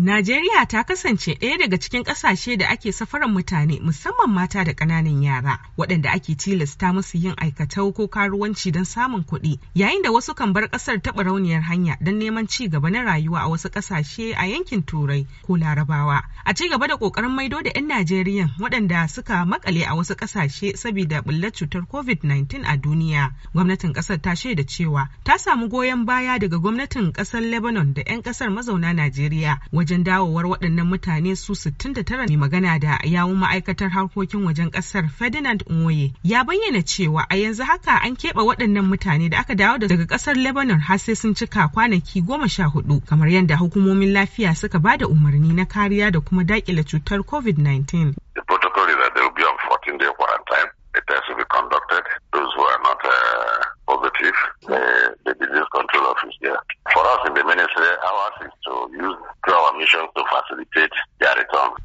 Najeriya ta kasance ɗaya daga cikin ƙasashe da ake safaran mutane musamman mata da ƙananan yara waɗanda ake tilasta musu yin aikatau ko karuwanci don samun kuɗi yayin da wasu kan bar ƙasar taɓa rauniyar hanya don neman ci gaba na rayuwa a wasu ƙasashe a yankin turai ko larabawa a ci gaba da ƙoƙarin maido da 'yan Najeriya waɗanda suka makale a wasu ƙasashe saboda ɓullar cutar covid-19 a duniya gwamnatin ƙasar ta shaida cewa ta samu goyon baya daga gwamnatin ƙasar Lebanon da 'yan ƙasar mazauna Najeriya wajen dawowar waɗannan mutane su 69 mai magana da yawun ma'aikatar harkokin wajen ƙasar Ferdinand Nwoye ya bayyana cewa a yanzu haka an keɓe waɗannan mutane da aka dawo daga ƙasar Lebanon har sai sun cika kwanaki goma sha hudu kamar yadda hukumomin lafiya suka ba da umarni na kariya da kuma daƙile cutar COVID-19. The protocol is uh, the disease control office there. For us in the ministry, our assist that's what he did.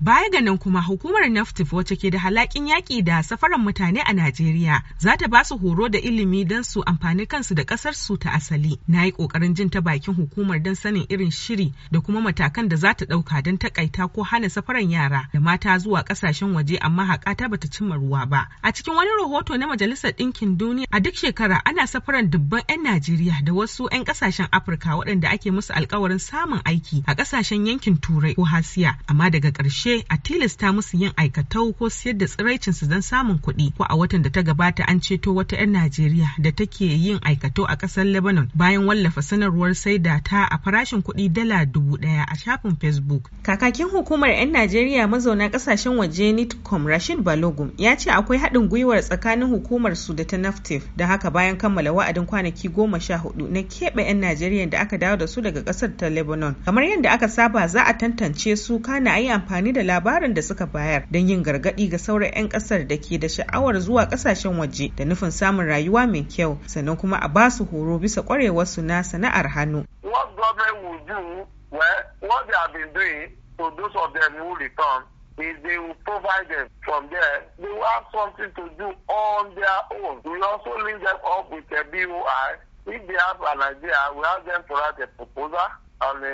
Baya ga nan kuma hukumar NAFTIF wacce ke da halakin yaƙi da safaran mutane a Najeriya za ta ba su horo da ilimi don su amfani kansu da ƙasar su ta asali. Na yi ƙoƙarin jin ta bakin hukumar don sanin irin shiri da kuma matakan da za ta ɗauka don takaita ko hana safaran yara da mata zuwa ƙasashen waje amma haƙa ta bata cimma ruwa ba. A cikin wani rahoto na Majalisar Ɗinkin Duniya a duk shekara ana safaran dubban 'yan Najeriya da wasu 'yan ƙasashen Afirka waɗanda ake musu alƙawarin samun aiki a ƙasashen yankin Turai ko Hasiya amma daga ƙarshe a tilasta musu yin aikatau ko siyar da tsiraicin su don samun kuɗi ko a watan da ta gabata an ceto wata 'yan Najeriya da take yin aikatau a ƙasar Lebanon bayan wallafa sanarwar saida ta a farashin kuɗi dala dubu ɗaya a shafin Facebook. Kakakin hukumar 'yan Najeriya mazauna ƙasashen waje Nitcom Rashid Balogun, ya ce akwai haɗin gwiwar tsakanin hukumar su da ta Naftif da haka bayan kammala wa'adin kwanaki goma sha hudu na keɓe 'yan Najeriya da aka dawo da su daga ƙasar ta Lebanon. Kamar yadda aka saba za a tantance su kana a yi amfani da labarin da suka bayar don yin gargaɗi ga sauran 'yan ƙasar da ke da sha'awar zuwa ƙasashen waje da nufin samun rayuwa mai kyau sannan kuma a ba su horo bisa ƙwarewarsu na sana'ar hannu. What government will do, well, what they have been doing to those of them who return is they will provide them from there. They will have something to do on their own. We also link them up with a BOI. If they have an idea, we have them to write a proposal. on a,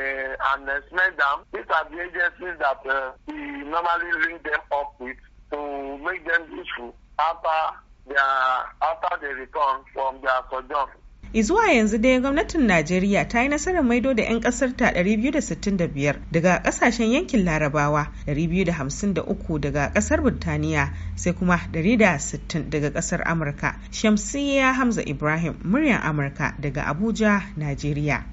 an uh, smell These are the agencies that uh, we normally link them up with to make them useful after their after they return from their sojourn. Izuwa yanzu dai gwamnatin Najeriya ta yi nasarar maido da 'yan kasar ta 265 daga kasashen yankin Larabawa, 253 daga kasar Burtaniya, sai kuma 160 daga kasar Amurka. Shamsiyya Hamza Ibrahim, muryar Amurka daga Abuja, Najeriya.